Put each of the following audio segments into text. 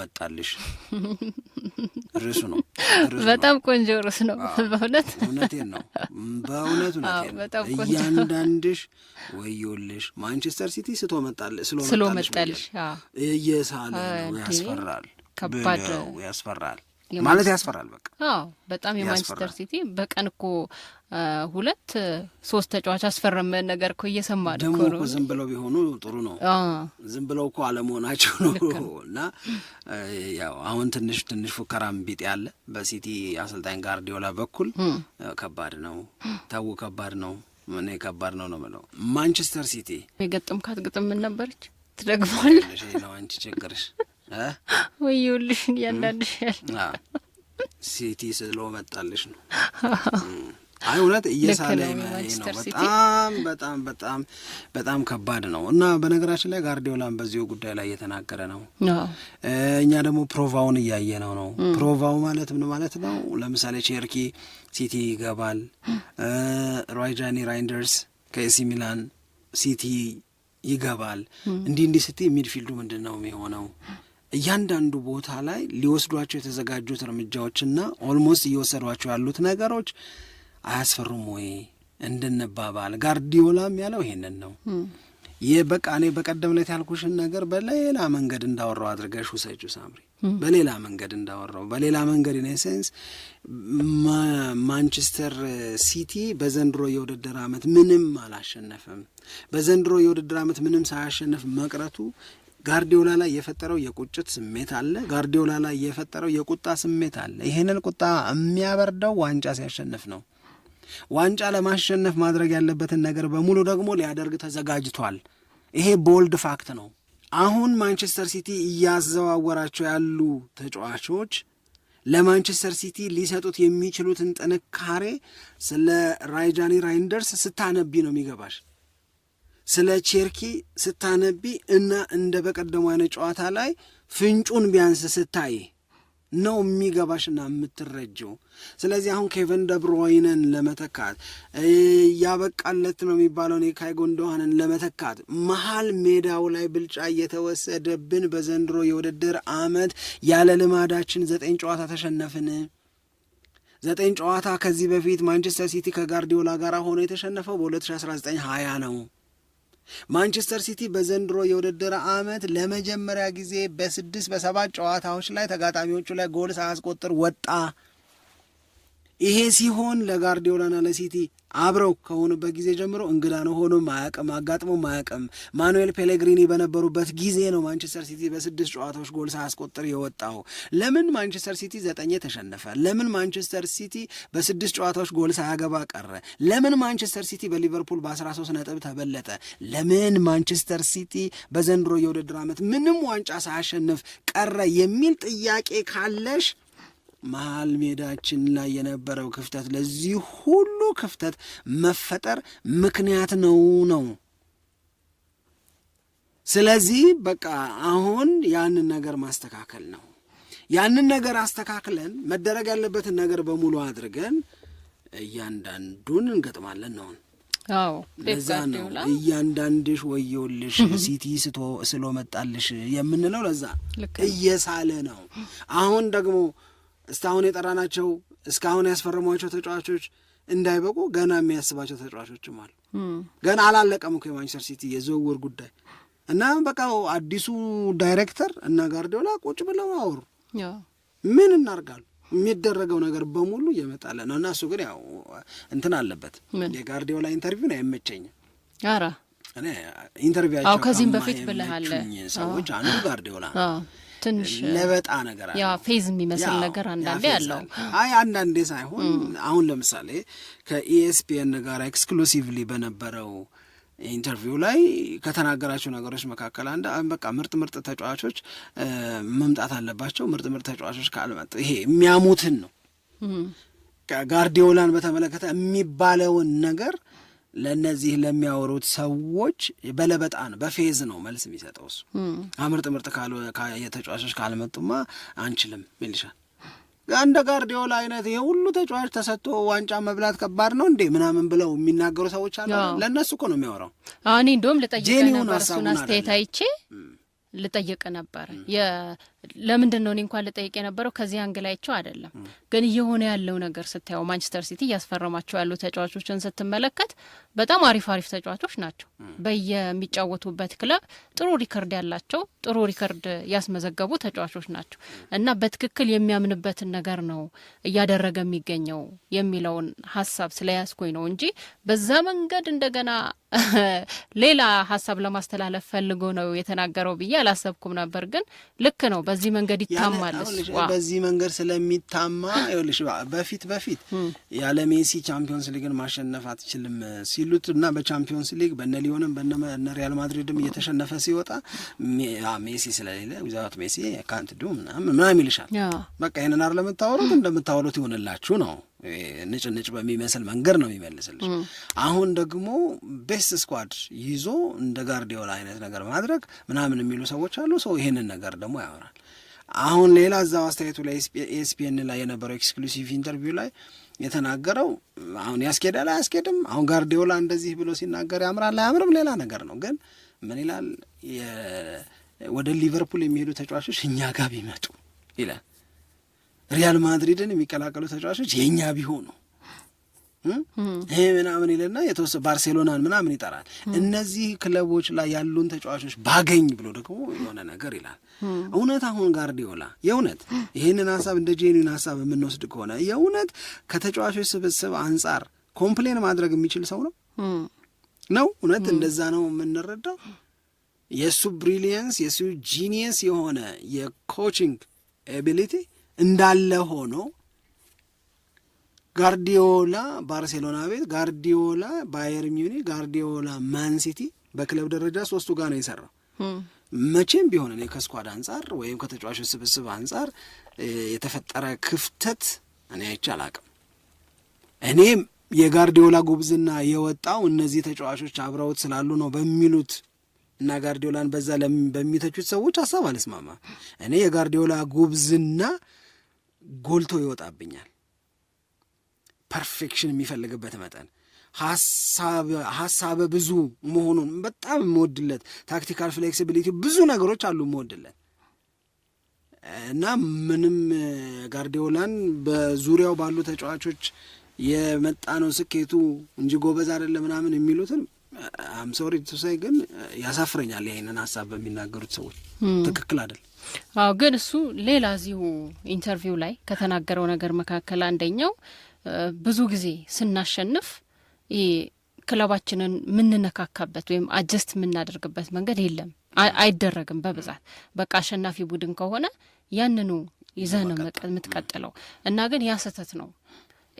መጣልሽ ርዕሱ ነው። በጣም ቆንጆ ርዕስ ነው። በእውነት እውነቴን ነው። በእውነት እውነቴን ነው። እያንዳንድሽ ወዮልሽ ማንቸስተር ሲቲ ስቶ መጣልሽ እየሳለ ነው። ያስፈራል፣ ከባድ ነው፣ ያስፈራል። ማለት ያስፈራል። በቃ አዎ፣ በጣም የማንቸስተር ሲቲ በቀን እኮ ሁለት ሶስት ተጫዋች አስፈረመ ነገር እኮ እየሰማ ደግሞ እኮ ዝም ብለው ቢሆኑ ጥሩ ነው። ዝም ብለው እኮ አለመሆናቸው ነው። እና ያው አሁን ትንሽ ትንሽ ፉከራም ቢጤ ያለ በሲቲ አሰልጣኝ ጋርዲዮላ በኩል ከባድ ነው። ተው ከባድ ነው። እኔ ከባድ ነው ነው የምለው። ማንቸስተር ሲቲ የገጠምካት ግጥም ምን ነበረች? ትደግማለሽ ነው አንቺ ችግርሽ ወየውልሽ እያንዳንድሻል ሲቲ ስሎ መጣልሽ ነው። አይ እውነት እየሳለ ነው። በጣም በጣም በጣም በጣም ከባድ ነው እና በነገራችን ላይ ጋርዲዮላን በዚሁ ጉዳይ ላይ እየተናገረ ነው። እኛ ደግሞ ፕሮቫውን እያየ ነው ነው ፕሮቫው ማለት ምን ማለት ነው? ለምሳሌ ቼርኪ ሲቲ ይገባል። ሮይጃኒ ራይንደርስ ከኤሲ ሚላን ሲቲ ይገባል። እንዲህ እንዲህ ስቲ ሚድፊልዱ ምንድን ነው የሚሆነው እያንዳንዱ ቦታ ላይ ሊወስዷቸው የተዘጋጁት እርምጃዎችና ኦልሞስት እየወሰዷቸው ያሉት ነገሮች አያስፈሩም ወይ እንድንባባል ጋርዲዮላም ያለው ይሄንን ነው። ይህ በቃ እኔ በቀደም ዕለት ያልኩሽን ነገር በሌላ መንገድ እንዳወራው አድርገሽ ውሰጂው ሳምሪ፣ በሌላ መንገድ እንዳወራው በሌላ መንገድ ኢን ሴንስ ማንቸስተር ሲቲ በዘንድሮ የውድድር ዓመት ምንም አላሸነፍም በዘንድሮ የውድድር ዓመት ምንም ሳያሸንፍ መቅረቱ ጋርዲዮላ ላይ የፈጠረው የቁጭት ስሜት አለ። ጋርዲዮላ ላይ የፈጠረው የቁጣ ስሜት አለ። ይህንን ቁጣ የሚያበርደው ዋንጫ ሲያሸንፍ ነው። ዋንጫ ለማሸነፍ ማድረግ ያለበትን ነገር በሙሉ ደግሞ ሊያደርግ ተዘጋጅቷል። ይሄ ቦልድ ፋክት ነው። አሁን ማንቸስተር ሲቲ እያዘዋወራቸው ያሉ ተጫዋቾች ለማንቸስተር ሲቲ ሊሰጡት የሚችሉትን ጥንካሬ ስለ ራይጃኒ ራይንደርስ ስታነቢ ነው የሚገባሽ። ስለ ቼርኪ ስታነቢ እና እንደ በቀደሙ አይነት ጨዋታ ላይ ፍንጩን ቢያንስ ስታይ ነው የሚገባሽና የምትረጀው። ስለዚህ አሁን ኬቨን ደብሮይነን ለመተካት ያበቃለት ነው የሚባለውን የካይ ለመተካት መሀል ሜዳው ላይ ብልጫ እየተወሰደብን በዘንድሮ የውድድር አመት ያለ ልማዳችን ዘጠኝ ጨዋታ ተሸነፍን። ዘጠኝ ጨዋታ ከዚህ በፊት ማንቸስተር ሲቲ ከጋርዲዮላ ጋር ሆኖ የተሸነፈው በ2019 20 ነው። ማንቸስተር ሲቲ በዘንድሮ የውድድር ዓመት ለመጀመሪያ ጊዜ በስድስት በሰባት ጨዋታዎች ላይ ተጋጣሚዎቹ ላይ ጎል ሳያስቆጥር ወጣ ይሄ ሲሆን ለጋርዲዮላና ለሲቲ አብረው ከሆኑበት ጊዜ ጀምሮ እንግዳ ነው፣ ሆኖም አያውቅም፣ አጋጥሞም አያውቅም። ማኑኤል ፔሌግሪኒ በነበሩበት ጊዜ ነው ማንቸስተር ሲቲ በስድስት ጨዋታዎች ጎል ሳያስቆጥር የወጣው። ለምን ማንቸስተር ሲቲ ዘጠኝ ተሸነፈ? ለምን ማንቸስተር ሲቲ በስድስት ጨዋታዎች ጎል ሳያገባ ቀረ? ለምን ማንቸስተር ሲቲ በሊቨርፑል በ13 ነጥብ ተበለጠ? ለምን ማንቸስተር ሲቲ በዘንድሮ የውድድር ዓመት ምንም ዋንጫ ሳያሸንፍ ቀረ የሚል ጥያቄ ካለሽ መሀል ሜዳችን ላይ የነበረው ክፍተት ለዚህ ሁሉ ክፍተት መፈጠር ምክንያት ነው ነው ስለዚህ በቃ አሁን ያንን ነገር ማስተካከል ነው። ያንን ነገር አስተካክለን መደረግ ያለበትን ነገር በሙሉ አድርገን እያንዳንዱን እንገጥማለን ነውን ለዛ ነው እያንዳንድሽ ወየውልሽ ሲቲ ስቶ ስሎ መጣልሽ የምንለው። ለዛ እየሳለ ነው አሁን ደግሞ እስካሁን የጠራናቸው እስካሁን ያስፈረሟቸው ተጫዋቾች እንዳይበቁ ገና የሚያስባቸው ተጫዋቾችም አሉ። ገና አላለቀም እኮ የማንቸስተር ሲቲ የዝውውር ጉዳይ እና በቃ አዲሱ ዳይሬክተር እና ጋርዲዮላ ቁጭ ብለው አወሩ። ምን እናርጋሉ? የሚደረገው ነገር በሙሉ እየመጣለ ነው እና እሱ ግን ያው እንትን አለበት። የጋርዲዮላ ኢንተርቪውን አይመቸኝም። ኧረ እኔ ከዚህም በፊት ብለሃል ሰዎች አንዱ ጋርዲዮላ ነው ትንሽ ለበጣ ነገር ያ ፌዝ የሚመስል ነገር አንዳንዴ አለው። አይ አንዳንዴ ሳይሆን አሁን ለምሳሌ ከኢኤስፒኤን ጋር ኤክስክሉሲቭሊ በነበረው ኢንተርቪው ላይ ከተናገራቸው ነገሮች መካከል አንድ በቃ ምርጥ ምርጥ ተጫዋቾች መምጣት አለባቸው። ምርጥ ምርጥ ተጫዋቾች ካልመጡ ይሄ የሚያሙትን ነው ጋርዲዮላን በተመለከተ የሚባለውን ነገር ለእነዚህ ለሚያወሩት ሰዎች በለበጣ ነው፣ በፌዝ ነው መልስ የሚሰጠው እሱ። ምርጥ ምርጥ የተጫዋቾች ካልመጡማ አንችልም ይልሻል። እንደ ጋርዲዮላ አይነት ይሄ ሁሉ ተጫዋች ተሰጥቶ ዋንጫ መብላት ከባድ ነው እንዴ ምናምን ብለው የሚናገሩ ሰዎች አሉ። ለእነሱ እኮ ነው የሚያወራው። እኔ እንዲሁም ልጠይቅ ነበር እሱን አስተያየት አይቼ ልጠይቅ ነበር ለምንድን ነው እኔ እንኳን ልጠይቅ የነበረው ከዚህ አንግላይቸው አይደለም፣ ግን እየሆነ ያለው ነገር ስታየው ማንቸስተር ሲቲ እያስፈረማቸው ያሉ ተጫዋቾችን ስትመለከት በጣም አሪፍ አሪፍ ተጫዋቾች ናቸው። በየሚጫወቱበት ክለብ ጥሩ ሪከርድ ያላቸው ጥሩ ሪከርድ ያስመዘገቡ ተጫዋቾች ናቸው እና በትክክል የሚያምንበትን ነገር ነው እያደረገ የሚገኘው የሚለውን ሀሳብ ስለያዝኩኝ ነው እንጂ በዛ መንገድ እንደገና ሌላ ሀሳብ ለማስተላለፍ ፈልጎ ነው የተናገረው ብዬ አላሰብኩም ነበር። ግን ልክ ነው። በዚህ መንገድ ይታማለች። በዚህ መንገድ ስለሚታማ ይኸውልሽ በፊት በፊት ያለ ሜሲ ቻምፒዮንስ ሊግን ማሸነፍ አትችልም ሲሉት እና በቻምፒዮንስ ሊግ በነ ሊዮንም በነ ሪያል ማድሪድም እየተሸነፈ ሲወጣ ሜሲ ስለሌለ ዊዛት ሜሲ ካንት ዱ ምናምን ምናምን ይልሻል። በቃ ይህንን አር ለምታወሩት እንደምታወሩት ይሆንላችሁ ነው ንጭ ንጭ በሚመስል መንገድ ነው የሚመልስልሽ። አሁን ደግሞ ቤስት ስኳድ ይዞ እንደ ጋርዲዮላ አይነት ነገር ማድረግ ምናምን የሚሉ ሰዎች አሉ። ሰው ይሄንን ነገር ደግሞ ያወራል። አሁን ሌላ እዛው አስተያየቱ ላይ ኤስፒኤን ላይ የነበረው ኤክስክሉሲቭ ኢንተርቪው ላይ የተናገረው አሁን ያስኬዳል አያስኬድም፣ አሁን ጋርዲዮላ እንደዚህ ብሎ ሲናገር ያምራል አያምርም፣ ሌላ ነገር ነው። ግን ምን ይላል ወደ ሊቨርፑል የሚሄዱ ተጫዋቾች እኛ ጋር ቢመጡ ይላል፣ ሪያል ማድሪድን የሚቀላቀሉ ተጫዋቾች የእኛ ቢሆኑ ይሄ ምናምን ይልና የተወሰነ ባርሴሎናን ምናምን ይጠራል። እነዚህ ክለቦች ላይ ያሉን ተጫዋቾች ባገኝ ብሎ ደግሞ የሆነ ነገር ይላል። እውነት አሁን ጋርዲዮላ የእውነት ይህንን ሀሳብ እንደ ጄኒን ሀሳብ የምንወስድ ከሆነ የእውነት ከተጫዋቾች ስብስብ አንጻር ኮምፕሌን ማድረግ የሚችል ሰው ነው ነው እውነት እንደዛ ነው የምንረዳው። የእሱ ብሪሊየንስ የእሱ ጂኒየስ የሆነ የኮችንግ ኤቢሊቲ እንዳለ ሆኖ ጋርዲዮላ ባርሴሎና ቤት፣ ጋርዲዮላ ባየር ሚኒ፣ ጋርዲዮላ ማንሲቲ በክለብ ደረጃ ሶስቱ ጋር ነው የሰራው። መቼም ቢሆን እኔ ከስኳድ አንጻር ወይም ከተጫዋቾች ስብስብ አንጻር የተፈጠረ ክፍተት እኔ አይቼ አላቅም። እኔም የጋርዲዮላ ጉብዝና የወጣው እነዚህ ተጫዋቾች አብረውት ስላሉ ነው በሚሉት እና ጋርዲዮላን በዛ በሚተቹት ሰዎች ሀሳብ አልስማማ። እኔ የጋርዲዮላ ጉብዝና ጎልቶ ይወጣብኛል። ፐርፌክሽን የሚፈልግበት መጠን ሀሳበ ብዙ መሆኑን በጣም የምወድለት ታክቲካል ፍሌክሲቢሊቲ ብዙ ነገሮች አሉ የምወድለት እና ምንም ጋርዲዮላን በዙሪያው ባሉ ተጫዋቾች የመጣ ነው ስኬቱ እንጂ ጎበዝ አይደለም ምናምን የሚሉትን አምሶሪ ግን ያሳፍረኛል። ይህንን ሀሳብ በሚናገሩት ሰዎች ትክክል አይደለም። አዎ ግን እሱ ሌላ እዚሁ ኢንተርቪው ላይ ከተናገረው ነገር መካከል አንደኛው ብዙ ጊዜ ስናሸንፍ ክለባችንን የምንነካካበት ወይም አጀስት የምናደርግበት መንገድ የለም፣ አይደረግም በብዛት በቃ አሸናፊ ቡድን ከሆነ ያንኑ ይዘህ ነው የምትቀጥለው። እና ግን ያ ስህተት ነው።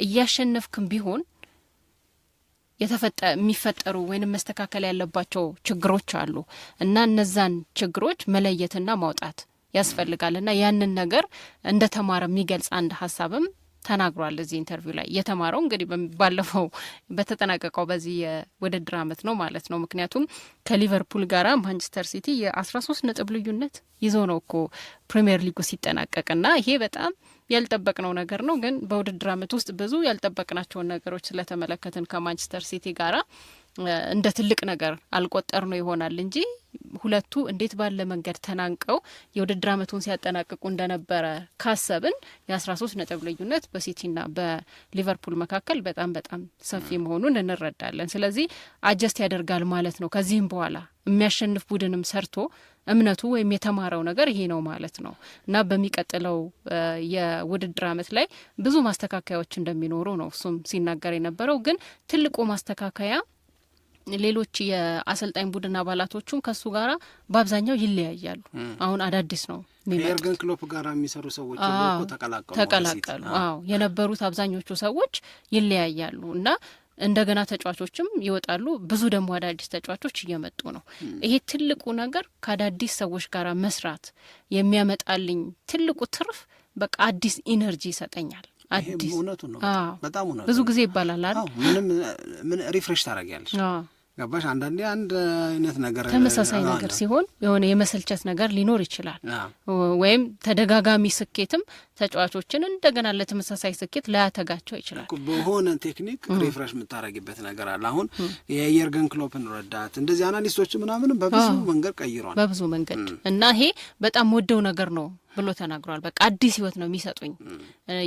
እያሸነፍክም ቢሆን የሚፈጠሩ ወይንም መስተካከል ያለባቸው ችግሮች አሉ እና እነዛን ችግሮች መለየትና ማውጣት ያስፈልጋል እና ያንን ነገር እንደተማረ የሚገልጽ አንድ ሀሳብም ተናግሯል። እዚህ ኢንተርቪው ላይ የተማረው እንግዲህ ባለፈው በተጠናቀቀው በዚህ የውድድር ዓመት ነው ማለት ነው። ምክንያቱም ከሊቨርፑል ጋር ማንቸስተር ሲቲ የ13 ነጥብ ልዩነት ይዞ ነው እኮ ፕሪምየር ሊጉ ሲጠናቀቅ እና ይሄ በጣም ያልጠበቅነው ነገር ነው። ግን በውድድር ዓመት ውስጥ ብዙ ያልጠበቅናቸውን ነገሮች ስለተመለከትን ከማንቸስተር ሲቲ ጋራ እንደ ትልቅ ነገር አልቆጠር ነው ይሆናል እንጂ ሁለቱ እንዴት ባለ መንገድ ተናንቀው የውድድር አመቱን ሲያጠናቅቁ እንደነበረ ካሰብን የአስራ ሶስት ነጥብ ልዩነት በሲቲና በሊቨርፑል መካከል በጣም በጣም ሰፊ መሆኑን እንረዳለን። ስለዚህ አጀስት ያደርጋል ማለት ነው። ከዚህም በኋላ የሚያሸንፍ ቡድንም ሰርቶ እምነቱ ወይም የተማረው ነገር ይሄ ነው ማለት ነው እና በሚቀጥለው የውድድር አመት ላይ ብዙ ማስተካከያዎች እንደሚኖሩ ነው እሱም ሲናገር የነበረው ግን ትልቁ ማስተካከያ ሌሎች የአሰልጣኝ ቡድን አባላቶቹም ከሱ ጋር በአብዛኛው ይለያያሉ። አሁን አዳዲስ ነው የኤርገን ክሎፕ ጋር የሚሰሩ ሰዎች ተቀላቀሉ አዎ የነበሩት አብዛኞቹ ሰዎች ይለያያሉ እና እንደገና ተጫዋቾችም ይወጣሉ። ብዙ ደግሞ አዳዲስ ተጫዋቾች እየመጡ ነው። ይሄ ትልቁ ነገር ከአዳዲስ ሰዎች ጋር መስራት የሚያመጣልኝ ትልቁ ትርፍ በቃ አዲስ ኢነርጂ ይሰጠኛል። አዲስ እውነቱ ነው። በጣም ብዙ ጊዜ ይባላል አይደል? ምንም ሪፍሬሽ ታደርጊያለሽ ገባሽ? አንዳንዴ አንድ አይነት ነገር ተመሳሳይ ነገር ሲሆን የሆነ የመሰልቸት ነገር ሊኖር ይችላል። ወይም ተደጋጋሚ ስኬትም ተጫዋቾችን እንደገና ለተመሳሳይ ስኬት ላያተጋቸው ይችላል። በሆነ ቴክኒክ ሪፍረሽ የምታደርጊበት ነገር አለ። አሁን የየርገን ክሎፕን ረዳት እንደዚህ አናሊስቶች ምናምንም በብዙ መንገድ ቀይሯል፣ በብዙ መንገድ እና ይሄ በጣም ወደው ነገር ነው ብሎ ተናግሯል። በቃ አዲስ ህይወት ነው የሚሰጡኝ።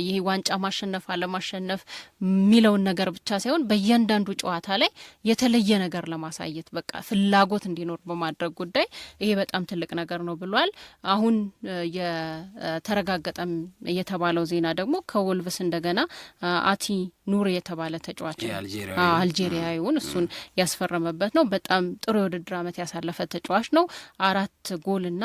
ይህ ዋንጫ ማሸነፍ አለማሸነፍ የሚለውን ነገር ብቻ ሳይሆን በእያንዳንዱ ጨዋታ ላይ የተለየ ነገር ነገር ለማሳየት በቃ ፍላጎት እንዲኖር በማድረግ ጉዳይ ይሄ በጣም ትልቅ ነገር ነው ብሏል። አሁን የተረጋገጠም የተባለው ዜና ደግሞ ከወልቭስ እንደገና አቲ ኑር የተባለ ተጫዋች አልጄሪያዊውን እሱን ያስፈረመበት ነው። በጣም ጥሩ የውድድር ዓመት ያሳለፈ ተጫዋች ነው። አራት ጎልና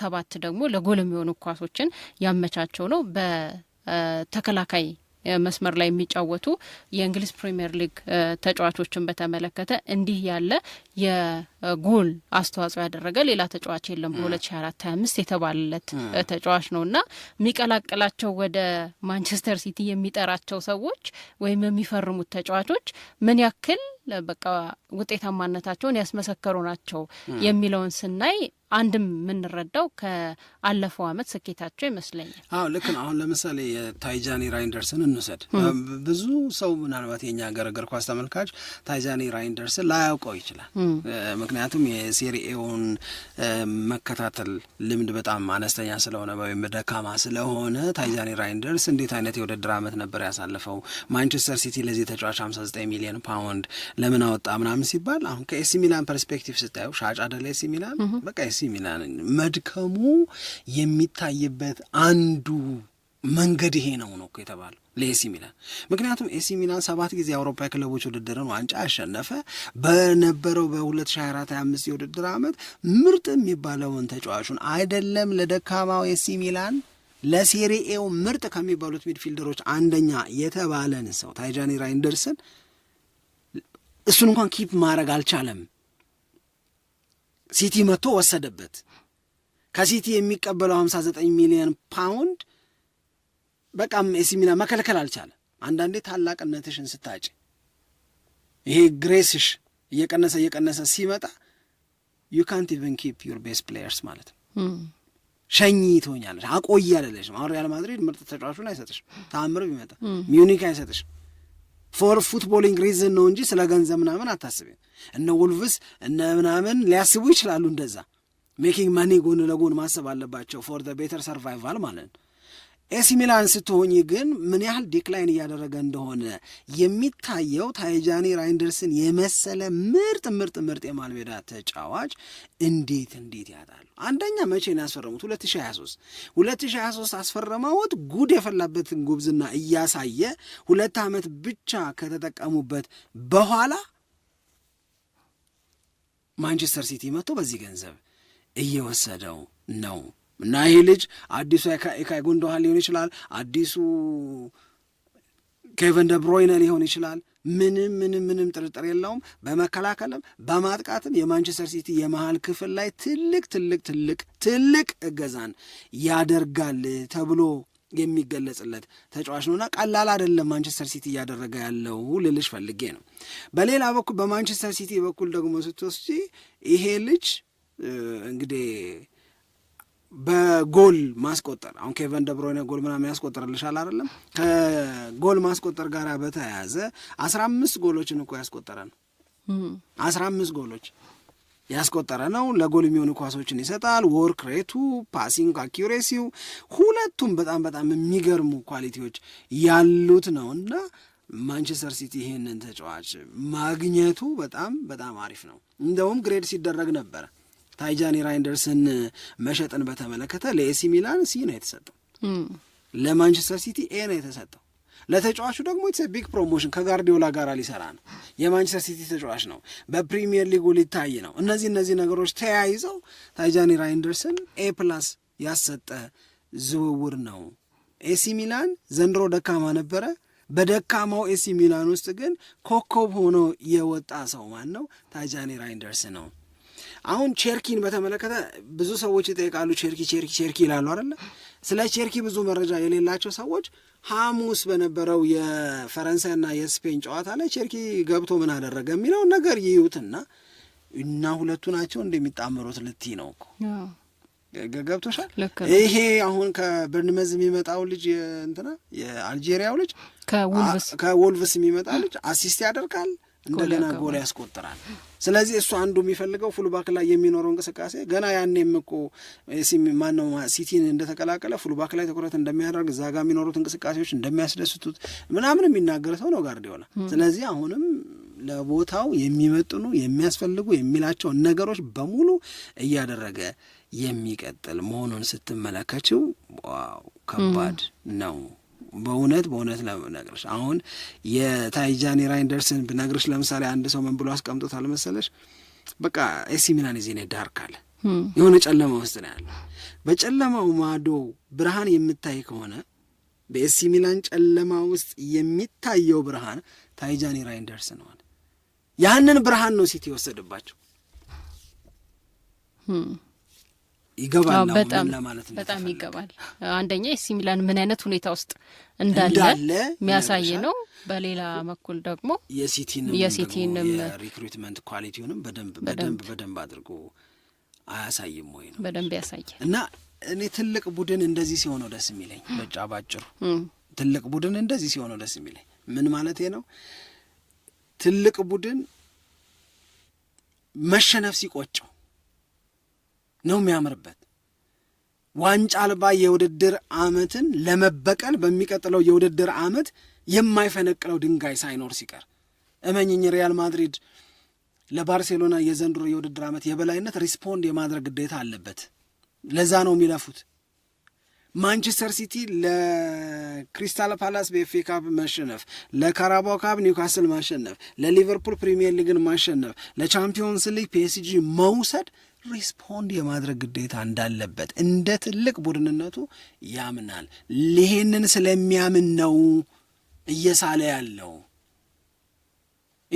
ሰባት ደግሞ ለጎል የሚሆኑ ኳሶችን ያመቻቸው ነው በተከላካይ መስመር ላይ የሚጫወቱ የእንግሊዝ ፕሪምየር ሊግ ተጫዋቾችን በተመለከተ እንዲህ ያለ የጎል አስተዋጽኦ ያደረገ ሌላ ተጫዋች የለም። በሁለት ሺ አራት ሀያ አምስት የተባለለት ተጫዋች ነው እና የሚቀላቀላቸው ወደ ማንቸስተር ሲቲ የሚጠራቸው ሰዎች ወይም የሚፈርሙት ተጫዋቾች ምን ያክል በቃ ውጤታማነታቸውን ያስመሰከሩ ናቸው የሚለውን ስናይ አንድም የምንረዳው ከአለፈው አመት ስኬታቸው ይመስለኛል። አዎ ልክ ነው። አሁን ለምሳሌ የታይጃኒ ራይንደርስን እንውሰድ። ብዙ ሰው ምናልባት የኛ ሀገር እግር ኳስ ተመልካች ታይጃኒ ራይንደርስን ላያውቀው ይችላል። ምክንያቱም የሴሪኤውን መከታተል ልምድ በጣም አነስተኛ ስለሆነ ወይም ደካማ ስለሆነ ታይጃኒ ራይንደርስ እንዴት አይነት የውድድር አመት ነበር ያሳለፈው። ማንቸስተር ሲቲ ለዚህ ተጫዋች 59 ሚሊዮን ፓውንድ ለምን አወጣ ምናምን ሲባል አሁን ከኤሲ ሚላን ፐርስፔክቲቭ ስታየው ሻጭ አደለ ኤሲ ሚላን በቃ ኤሲ ሚላን መድከሙ የሚታይበት አንዱ መንገድ ይሄ ነው ነው የተባለው ለኤሲ ሚላን። ምክንያቱም ኤሲ ሚላን ሰባት ጊዜ የአውሮፓ ክለቦች ውድድርን ዋንጫ ያሸነፈ በነበረው በ2024/25 የውድድር ዓመት ምርጥ የሚባለውን ተጫዋቹን አይደለም ለደካማው ኤሲ ሚላን ለሴሪኤው ምርጥ ከሚባሉት ሚድፊልደሮች አንደኛ የተባለን ሰው ታይጃኒ ራይንደርስን እሱን እንኳን ኪፕ ማድረግ አልቻለም። ሲቲ መጥቶ ወሰደበት። ከሲቲ የሚቀበለው 59 ሚሊዮን ፓውንድ በቃም ኤሲ ሚላን መከልከል አልቻለም። አንዳንዴ ታላቅነትሽን ስታጭ ይሄ ግሬስሽ እየቀነሰ እየቀነሰ ሲመጣ ዩ ካንት ኢቨን ኪፕ ዩር ቤስ ፕሌየርስ ማለት ነው። ሸኚ ትሆኛለሽ። አቆይ አለለሽ። አሁን ሪያል ማድሪድ ምርጥ ተጫዋቹን አይሰጥሽም። ተአምር ቢመጣ ሚዩኒክ አይሰጥሽም። ፎር ፉትቦሊንግ ሪዝን ነው እንጂ ስለ ገንዘብ ምናምን አታስብም። እነ ውልቭስ እነ ምናምን ሊያስቡ ይችላሉ እንደዛ ሜኪንግ መኒ ጎን ለጎን ማሰብ አለባቸው ፎር ቤተር ሰርቫይቫል ማለት ነው። ኤሲ ሚላን ስትሆኝ ግን ምን ያህል ዲክላይን እያደረገ እንደሆነ የሚታየው ታይጃኒ ራይንደርስን የመሰለ ምርጥ ምርጥ ምርጥ የማልሜዳ ተጫዋች እንዴት እንዴት ያጣሉ። አንደኛ መቼ ነው ያስፈረሙት? 2023 2023 አስፈረማዎት ጉድ የፈላበትን ጉብዝና እያሳየ ሁለት ዓመት ብቻ ከተጠቀሙበት በኋላ ማንቸስተር ሲቲ መጥቶ በዚህ ገንዘብ እየወሰደው ነው። እና ይህ ልጅ አዲሱ ኢካይ ጉንዶሃን ሊሆን ይችላል፣ አዲሱ ኬቨን ደብሮይነ ሊሆን ይችላል። ምንም ምንም ምንም ጥርጥር የለውም። በመከላከልም በማጥቃትም የማንቸስተር ሲቲ የመሃል ክፍል ላይ ትልቅ ትልቅ ትልቅ ትልቅ እገዛን ያደርጋል ተብሎ የሚገለጽለት ተጫዋች ነውና ቀላል አይደለም ማንቸስተር ሲቲ እያደረገ ያለው ልልሽ ፈልጌ ነው። በሌላ በኩል በማንቸስተር ሲቲ በኩል ደግሞ ስትወስጂ ይሄ ልጅ እንግዲህ በጎል ማስቆጠር አሁን ኬቨን ደብሮይነ ጎል ምናምን ያስቆጠርልሻል አይደለም። ከጎል ማስቆጠር ጋር በተያያዘ አስራ አምስት ጎሎችን እኮ ያስቆጠረ ነው። አስራ አምስት ጎሎች ያስቆጠረ ነው። ለጎል የሚሆኑ ኳሶችን ይሰጣል። ወርክ ሬቱ፣ ፓሲንግ አኪሬሲው ሁለቱም በጣም በጣም የሚገርሙ ኳሊቲዎች ያሉት ነው እና ማንቸስተር ሲቲ ይህንን ተጫዋች ማግኘቱ በጣም በጣም አሪፍ ነው። እንደውም ግሬድ ሲደረግ ነበረ ታይጃኒ ራይንደርስን መሸጥን በተመለከተ ለኤሲ ሚላን ሲ ነው የተሰጠው፣ ለማንቸስተር ሲቲ ኤ ነው የተሰጠው። ለተጫዋቹ ደግሞ ኢትስ ቢግ ፕሮሞሽን ከጋርዲዮላ ጋር ሊሰራ ነው። የማንቸስተር ሲቲ ተጫዋች ነው። በፕሪሚየር ሊጉ ሊታይ ነው። እነዚህ እነዚህ ነገሮች ተያይዘው ታይጃኒ ራይንደርስን ኤ ፕላስ ያሰጠ ዝውውር ነው። ኤሲ ሚላን ዘንድሮ ደካማ ነበረ። በደካማው ኤሲ ሚላን ውስጥ ግን ኮከብ ሆኖ የወጣ ሰው ማን ነው? ታይጃኒ ራይንደርስ ነው። አሁን ቼርኪን በተመለከተ ብዙ ሰዎች ይጠይቃሉ። ቼርኪ ቼርኪ ቼርኪ ይላሉ አይደለ? ስለ ቼርኪ ብዙ መረጃ የሌላቸው ሰዎች ሐሙስ በነበረው የፈረንሳይና የስፔን ጨዋታ ላይ ቼርኪ ገብቶ ምን አደረገ የሚለውን ነገር ይዩትና እና ሁለቱ ናቸው እንደሚጣመሩት ልቲ ነው እኮ ገብቶሻል። ይሄ አሁን ከበርንመዝ የሚመጣው ልጅ እንትና የአልጄሪያው ልጅ ከወልቭስ የሚመጣ ልጅ አሲስት ያደርጋል እንደገና ጎል ያስቆጥራል። ስለዚህ እሱ አንዱ የሚፈልገው ፉልባክ ላይ የሚኖረው እንቅስቃሴ ገና ያኔም እኮ ማነው ሲቲን እንደተቀላቀለ ፉልባክ ላይ ትኩረት እንደሚያደርግ እዛ ጋ የሚኖሩት እንቅስቃሴዎች እንደሚያስደስቱት ምናምን የሚናገር ሰው ነው ጋርዲዮላ። ስለዚህ አሁንም ለቦታው የሚመጥኑ የሚያስፈልጉ የሚላቸውን ነገሮች በሙሉ እያደረገ የሚቀጥል መሆኑን ስትመለከችው ዋው ከባድ ነው። በእውነት በእውነት ነግርሽ፣ አሁን የታይጃኒ ራይንደርስን ብነግርሽ ለምሳሌ አንድ ሰው ምን ብሎ አስቀምጦታል መሰለሽ፣ በቃ ኤሲ ሚላን የዜኔ ዳርክ አለ የሆነ ጨለማ ውስጥ ነው ያለ። በጨለማው ማዶ ብርሃን የምታይ ከሆነ በኤሲ ሚላን ጨለማ ውስጥ የሚታየው ብርሃን ታይጃኒ ራይንደርስ ነው አለ። ያንን ብርሃን ነው ሲቲ የወሰድባቸው። ይገባል በጣም ለማለት በጣም ይገባል። አንደኛ ኤሲ ሚላን ምን አይነት ሁኔታ ውስጥ እንዳለ የሚያሳይ ነው። በሌላ በኩል ደግሞ የሲቲንም የሪክሩትመንት ኳሊቲውንም በደንብ በደንብ በደንብ አድርጎ አያሳይም ወይ ነው በደንብ ያሳያል። እና እኔ ትልቅ ቡድን እንደዚህ ሲሆነው ደስ የሚለኝ በጫ ባጭሩ ትልቅ ቡድን እንደዚህ ሲሆነው ደስ የሚለኝ ምን ማለት ነው? ትልቅ ቡድን መሸነፍ ሲቆጨው ነው የሚያምርበት። ዋንጫ አልባ የውድድር ዓመትን ለመበቀል በሚቀጥለው የውድድር ዓመት የማይፈነቅለው ድንጋይ ሳይኖር ሲቀር እመኝኝ ሪያል ማድሪድ ለባርሴሎና የዘንድሮ የውድድር ዓመት የበላይነት ሪስፖንድ የማድረግ ግዴታ አለበት። ለዛ ነው የሚለፉት። ማንቸስተር ሲቲ ለክሪስታል ፓላስ በኤፌ ካፕ ማሸነፍ፣ ለካራባው ካፕ ኒውካስል ማሸነፍ፣ ለሊቨርፑል ፕሪሚየር ሊግን ማሸነፍ፣ ለቻምፒዮንስ ሊግ ፒኤስጂ መውሰድ ሪስፖንድ የማድረግ ግዴታ እንዳለበት እንደ ትልቅ ቡድንነቱ ያምናል። ይሄንን ስለሚያምን ነው እየሳለ ያለው።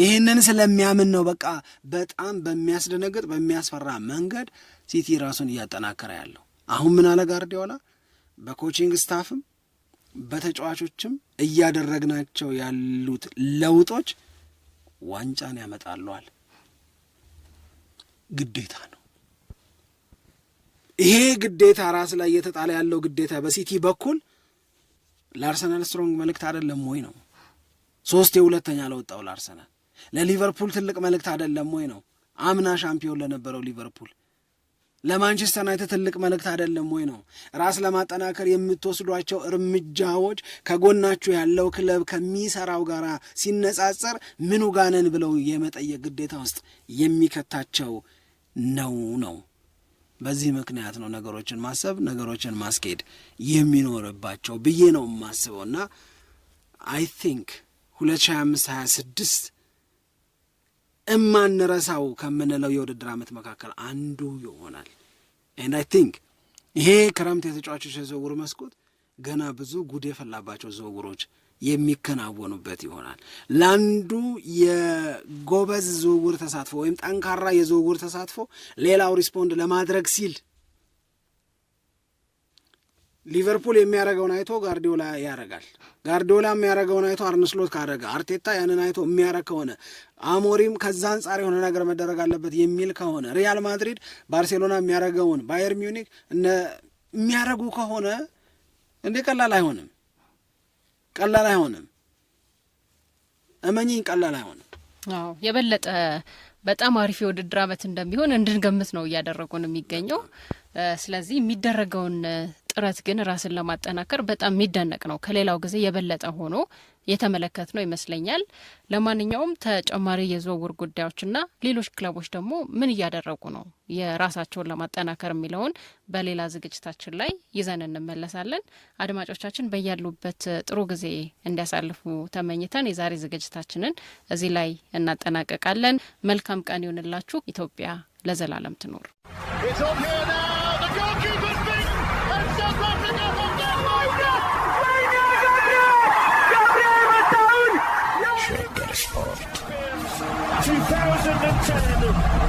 ይህንን ስለሚያምን ነው። በቃ በጣም በሚያስደነግጥ በሚያስፈራ መንገድ ሲቲ ራሱን እያጠናከረ ያለው አሁን ምን አለ ጋርዲዮላ በኮቺንግ ስታፍም በተጫዋቾችም እያደረግናቸው ያሉት ለውጦች ዋንጫን ያመጣለዋል። ግዴታ ነው። ይሄ ግዴታ ራስ ላይ እየተጣለ ያለው ግዴታ በሲቲ በኩል ለአርሰናል ስትሮንግ መልእክት አይደለም ወይ ነው? ሶስት የሁለተኛ ለወጣው ለአርሰናል ለሊቨርፑል ትልቅ መልእክት አይደለም ወይ ነው? አምና ሻምፒዮን ለነበረው ሊቨርፑል ለማንቸስተር ዩናይትድ ትልቅ መልእክት አይደለም ወይ ነው? ራስ ለማጠናከር የምትወስዷቸው እርምጃዎች ከጎናችሁ ያለው ክለብ ከሚሰራው ጋር ሲነጻጸር ምኑ ጋነን ብለው የመጠየቅ ግዴታ ውስጥ የሚከታቸው ነው ነው በዚህ ምክንያት ነው ነገሮችን ማሰብ ነገሮችን ማስኬድ የሚኖርባቸው ብዬ ነው የማስበው እና አይ ቲንክ ሁለት ሺ አምስት ሀያ ስድስት እማንረሳው ከምንለው የውድድር ዓመት መካከል አንዱ ይሆናል። ኤንድ አይ ቲንክ ይሄ ክረምት የተጫዋቾች የዝውውር መስኮት ገና ብዙ ጉድ የፈላባቸው ዝውውሮች የሚከናወኑበት ይሆናል። ለአንዱ የጎበዝ ዝውውር ተሳትፎ ወይም ጠንካራ የዝውውር ተሳትፎ ሌላው ሪስፖንድ ለማድረግ ሲል ሊቨርፑል የሚያደርገውን አይቶ ጋርዲዮላ ያደርጋል። ጋርዲዮላ የሚያደርገውን አይቶ አርንስሎት ካደረገ፣ አርቴታ ያንን አይቶ የሚያደርግ ከሆነ፣ አሞሪም ከዛ አንጻር የሆነ ነገር መደረግ አለበት የሚል ከሆነ፣ ሪያል ማድሪድ ባርሴሎና የሚያደርገውን፣ ባየር ሚዩኒክ እነ የሚያደርጉ ከሆነ እንዴ ቀላል አይሆንም። ቀላል አይሆንም። እመኚኝ፣ ቀላል አይሆንም። አዎ የበለጠ በጣም አሪፍ የውድድር አመት እንደሚሆን እንድንገምት ነው ነው የሚገኘው። ስለዚህ የሚደረገውን ጥረት ግን ራስን ለማጠናከር በጣም የሚደነቅ ነው። ከሌላው ጊዜ የበለጠ ሆኖ የተመለከት ነው ይመስለኛል። ለማንኛውም ተጨማሪ የዝውውር ጉዳዮችና ሌሎች ክለቦች ደግሞ ምን እያደረጉ ነው የራሳቸውን ለማጠናከር የሚለውን በሌላ ዝግጅታችን ላይ ይዘን እንመለሳለን። አድማጮቻችን በያሉበት ጥሩ ጊዜ እንዲያሳልፉ ተመኝተን የዛሬ ዝግጅታችንን እዚህ ላይ እናጠናቀቃለን። መልካም ቀን ይሆንላችሁ። ኢትዮጵያ ለዘላለም ትኖር። 2010.